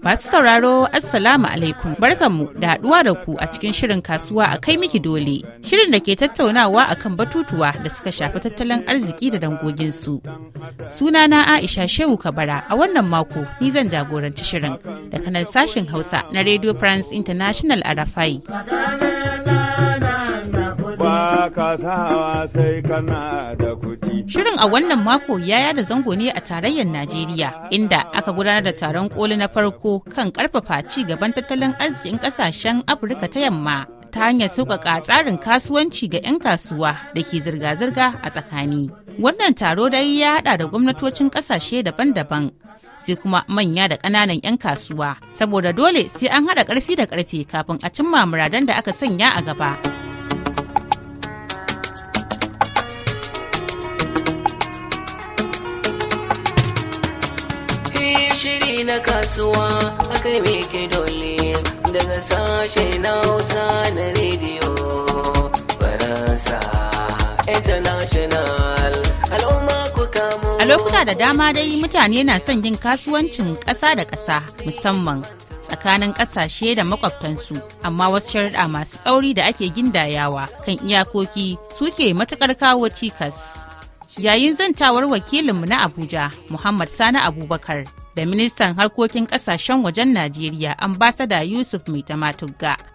Masu sauraro Assalamu alaikum barkanmu da haɗuwa da ku a cikin shirin kasuwa a kai miki dole. Shirin da ke tattaunawa akan batutuwa da suka shafi tattalin arziki da dangoginsu. Sunana Aisha Shehu Kabara a wannan mako ni zan jagoranci shirin da kanar sashen Hausa na Radio France International a Rafai. Shirin a wannan mako yaya da zango ne a tarayyar Najeriya inda aka gudanar da taron koli na farko kan karfafa ci gaban tattalin arzikin ƙasashen Afirka ta yamma. ta hanyar sauƙaƙa tsarin kasuwanci ga 'yan kasuwa da ke zirga-zirga a tsakani. Wannan taro dai ya haɗa da gwamnatocin ƙasashe daban-daban sai kuma manya da ƙananan 'yan kasuwa saboda dole sai an haɗa ƙarfi da ƙarfe kafin a cimma muradan da aka sanya a gaba. na kasuwa yi meke dole daga sashe na hausa na rediyo faransa international al'umma ku kamo a lokuta da dama dai mutane na son yin kasuwancin ƙasa da ƙasa musamman tsakanin ƙasashe da makwabtansu amma wasu sharaɗa masu tsauri da ake gindayawa kan iyakoki suke matuƙar kawo cikas yayin zantawar wakilinmu na abuja muhammad sani abubakar da ministan harkokin kasashen wajen Najeriya ambasada Yusuf maitama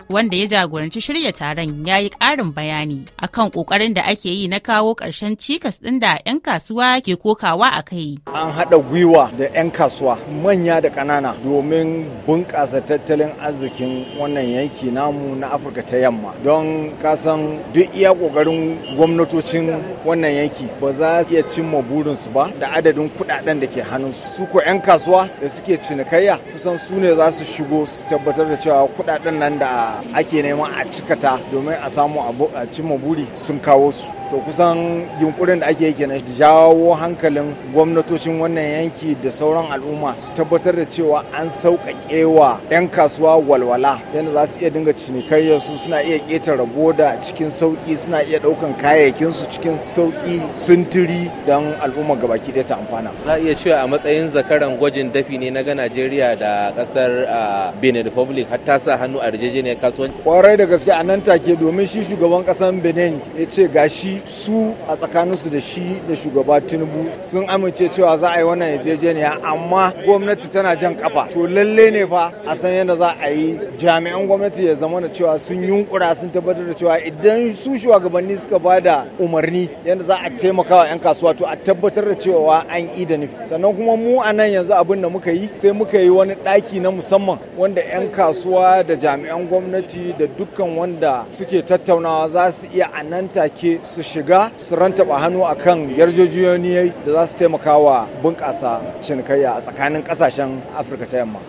wanda ya jagoranci shirya taron ya yi ƙarin bayani akan ƙoƙarin da ake yi na kawo ƙarshen cikas ɗin da 'yan kasuwa ke kokawa a kai. An haɗa gwiwa da 'yan kasuwa manya da ƙanana domin bunƙasa tattalin arzikin wannan yanki namu na Afirka ta yamma don kasan duk iya ƙoƙarin gwamnatocin wannan yanki ba za su iya cimma burinsu ba da adadin kuɗaɗen da ke hannunsu. Su ko 'yan kasuwa kasuwa da suke cinikayya kusan su ne za su shigo su tabbatar da cewa kudaden nan da ake neman a cikata domin a samu a cimma buri sun kawo su to kusan yunkurin da ake yi kenan jawo hankalin gwamnatocin wannan yanki da sauran al'umma su tabbatar da cewa an sauƙaƙe wa 'yan kasuwa walwala yadda za su iya dinga cinikayyar su suna iya ƙetare boda cikin sauƙi suna iya ɗaukan kayayyakin su cikin sauƙi sintiri don al'umma gabaki ɗaya ta amfana za a iya cewa a matsayin zakaran gwajin dafi ne na ga najeriya da ƙasar benin republic har ta sa hannu a yarjejeniyar kasuwanci kwarai da gaske a nan take domin shi shugaban ƙasar benin ya ce gashi su a tsakaninsu da shi da shugaba tinubu sun amince cewa za a yi wannan yarjejeniya amma gwamnati tana jan kafa to lalle ne fa a san yadda za a yi jami'an gwamnati ya zama da cewa sun yunkura sun tabbatar da cewa idan su shugabanni suka ba da umarni yadda za a taimaka wa 'yan kasuwa to a tabbatar da cewa an yi da nufi sannan kuma mu a nan yanzu abin da muka yi sai muka yi wani ɗaki na musamman wanda 'yan kasuwa da jami'an gwamnati da dukkan wanda suke tattaunawa za su iya a nan take su shiga su rantaba hannu a kan yarjejeniyoyi da za su taimaka wa bunƙasa cinikayya a tsakanin ƙasashen afirka ta yamma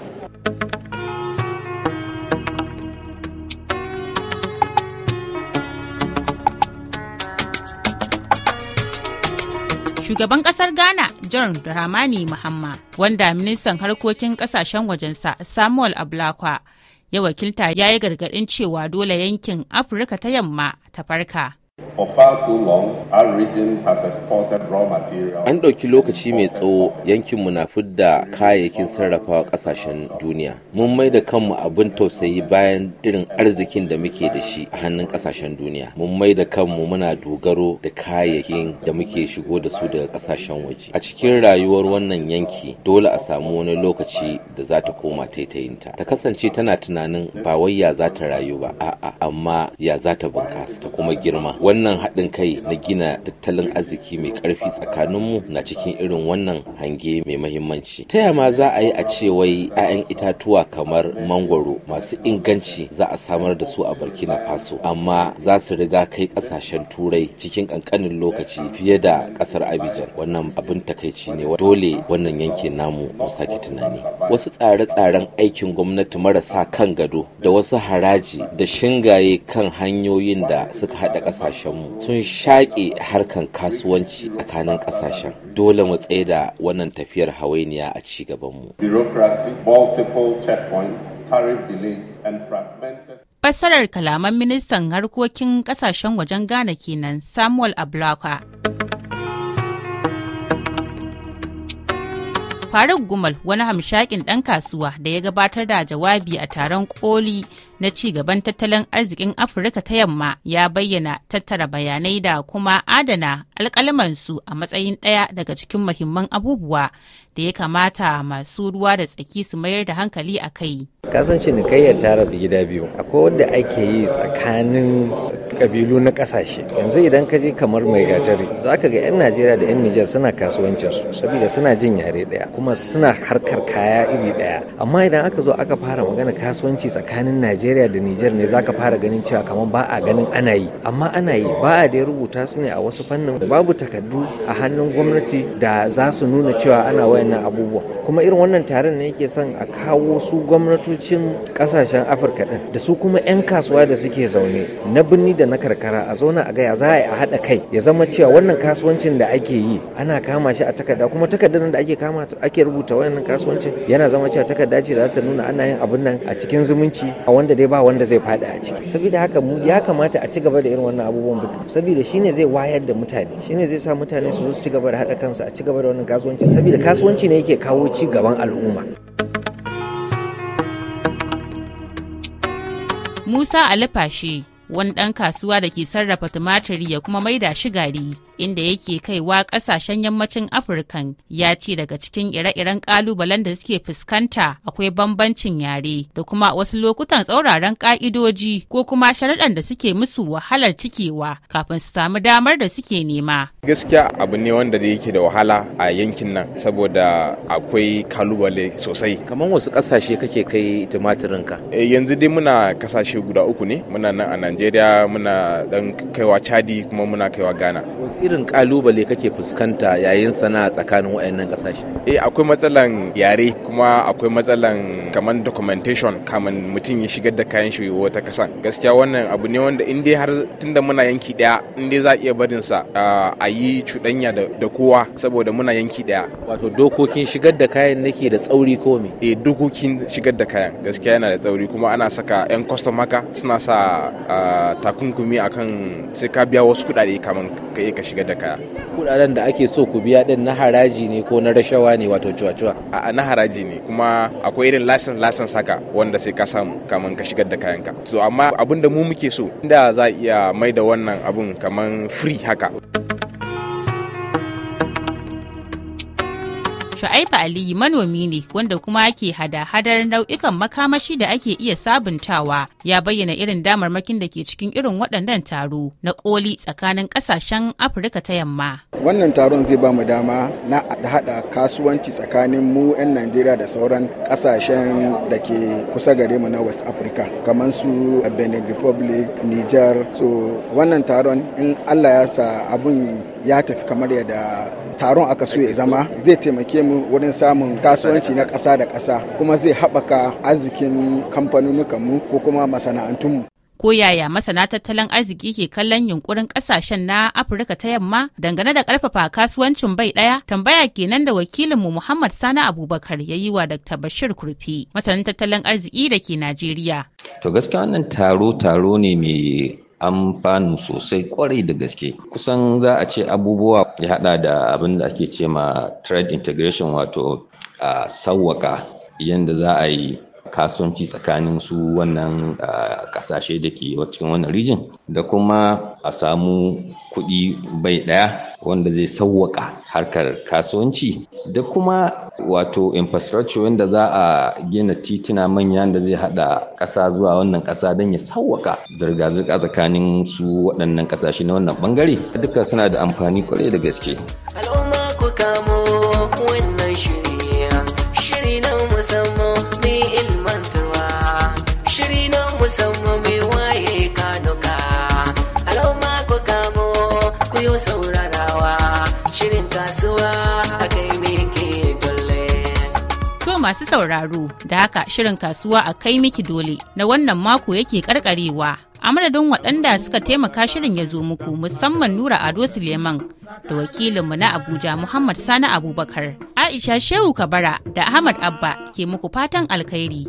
shugaban ƙasar ghana john dramani mahamma wanda ministan harkokin ƙasashen wajensa samuel ablakwa ya wakilta ya yi gargaɗin cewa dole yankin afirka ta yamma ta farka An ɗauki lokaci mai tsawo yankinmu na fidda kayayyakin sarrafa ƙasashen duniya. Mun mai da kanmu abin tausayi bayan irin arzikin da muke da shi a hannun ƙasashen duniya. Mun mai da kanmu muna dogaro da kayayyakin da muke shigo da su daga ƙasashen waje. A cikin rayuwar wannan yanki dole a samu wani lokaci da za ta koma taitayinta. Ta kasance tana tunanin ba wai ya za ta rayu ba, a'a amma ya za ta bunƙasa ta kuma girma. wannan haɗin kai na gina tattalin arziki mai ƙarfi tsakaninmu na cikin irin wannan hange mai mahimmanci ta yama za a yi a ce wai 'ya'yan itatuwa kamar mangwaro masu inganci za a samar da su a burkina faso amma za su riga kai ƙasashen turai cikin ƙanƙanin lokaci fiye da ƙasar abidjan wannan abin takaici ne dole wannan yankin namu mu sake tunani wasu tsare-tsaren aikin gwamnati marasa kan gado da wasu haraji da shingaye kan hanyoyin da suka haɗa ƙasashe kasashenmu sun shaƙe harkan kasuwanci tsakanin kasashen dole mu tsaye da wannan tafiyar hawainiya a ci gabanmu. Fassarar kalaman ministan harkokin kasashen wajen Ghana kenan Samuel Ablaka. faruk gumal wani hamshakin ɗan kasuwa da ya gabatar da jawabi a taron koli na ci gaban tattalin arzikin afirka ta yamma ya bayyana tattara bayanai da kuma adana alkalamansu a matsayin ɗaya daga cikin mahimman abubuwa da ya kamata masu ruwa da tsaki su mayar da hankali a kai kasance nikayyar tara da gida biyu akwai wanda ake yi tsakanin kabilu na kasashe yanzu idan ka je kamar mai gatari za ka ga 'yan najeriya da 'yan nijar suna kasuwancinsu saboda suna jin yare ɗaya kuma suna harkar kaya iri daya amma idan aka zo aka fara magana kasuwanci tsakanin najeriya da niger ne zaka fara ganin cewa kamar ba a ganin ana yi amma ana yi ba a da rubuta su ne a wasu fannin babu takardu a hannun gwamnati da za su nuna cewa ana wayannan abubuwa kuma irin wannan taron ne yake son a kawo su gwamnatocin kasashen afirka din da su kuma 'yan kasuwa da suke zaune na birni da na karkara a zauna a gaya za a haɗa kai ya zama cewa wannan kasuwancin da ake yi ana kama shi a takarda kuma takardar da ake kama ake rubuta wannan kasuwancin yana zama cewa takarda ce za ta nuna ana yin abin nan a cikin zumunci a wanda dai ba wanda zai faɗi a ciki saboda haka mu ya kamata a ci gaba da irin wannan abubuwan duka saboda shine zai wayar da mutane shine zai sa mutane su zo su ci gaba da haɗa kansu a ci gaba da wannan kasuwancin saboda kasuwanci ne yake kawo ci gaban al'umma Musa Alifashi wani ɗan kasuwa da ke sarrafa tumatiri ya kuma maida shi gari inda yake kaiwa ƙasashen yammacin afirkan ya ce daga cikin ire-iren ƙalubalen da suke fuskanta akwai bambancin yare da kuma wasu lokutan tsauraran ƙa'idoji ko kuma sharaɗan da suke musu wahalar cikewa kafin su samu damar da suke nema gaskiya abu ne wanda da yake da wahala a yankin nan saboda akwai kalubale sosai kamar wasu ƙasashe kake kai tumatirinka eh, yanzu dai muna kasashe guda uku ne muna nan a najeriya muna dan kaiwa chadi kuma muna kaiwa ghana wasu irin kalubale kake fuskanta yayin sana'a tsakanin wayannan kasashe eh akwai matsalan yare kuma akwai matsalan kamar documentation kaman mutum ya shigar da kayan shi wata kasan gaskiya wannan abu ne wanda in dai har tunda muna yanki daya in dai za a iya barin sa ah, a yi cuɗanya da kowa saboda muna yanki daya wato dokokin shigar da kayan nake da tsauri ko me eh dokokin shigar da kayan gaskiya yana da tsauri kuma ana saka yan kwastom haka suna sa ah, takunkumi a kan sai ka biya wasu kuɗaɗe kamar ka ka shiga da kaya kuɗaɗen da ake so ku biya din na haraji ne ko na rashawa ne wato cuwa-cuwa a na haraji ne kuma akwai irin lasin lasin saka wanda sai ka samu kamar ka shigar da kayan ka to amma abin da mu muke so inda za a iya mai da wannan abun kamar free haka Shu'aibu Aliyu manomi ne wanda kuma ke hada-hadar nau'ikan makamashi da ake iya sabuntawa ya bayyana irin damarmakin da ke cikin irin waɗannan taro na koli tsakanin ƙasashen Afirka ta yamma. Wannan taron zai ba mu dama na hada kasuwanci tsakanin mu 'yan Najeriya da sauran ƙasashen da ke kusa gare mu na West Africa kamar su Benin Republic, Niger. So wannan taron in Allah ya sa abun ya tafi kamar yadda taron aka so ya zama zai taimake mu wurin samun kasuwanci na ƙasa da kasa kuma zai haɓaka arzikin mu ko kuma masana'antunmu. Ko yaya masana tattalin arziki ke kallon yunkurin kasashen na Afirka ta yamma dangane da karfafa kasuwancin bai ɗaya tambaya kenan da wakilinmu Muhammad Sani Abubakar ya yi wa Dr. Bashir Kurfi masanin tattalin arziki da ke Najeriya. To gaskiya wannan taro taro ne mai amfanu sosai kwarai da gaske kusan za a ce abubuwa ya hada da abin da ake ce ma trade integration wato a sauwaka yadda za a yi kasuwanci tsakanin su wannan kasashe da ke cikin wannan rijin da kuma a samu kuɗi bai ɗaya wanda zai sauwaƙa harkar kasuwanci da kuma wato infrastructure wanda za a gina titina manya da zai hada ƙasa zuwa wannan ƙasa don ya sauwaƙa zirga-zirga tsakanin su waɗannan ƙasashe na wannan ɓangare duka suna da amfani kwarai da gaske. ku kamo na musamman musamman mai kamo ku yi saurarawa shirin kasuwa a kai miki dole. To masu sauraro da haka shirin kasuwa a kai miki dole na wannan mako yake karkarewa. A madadin waɗanda suka taimaka shirin ya zo muku musamman Nura Ado Suleiman da wakilinmu na Abuja Muhammad Sani Abubakar, Aisha Shehu Kabara da Ahmad Abba ke muku fatan alkhairi.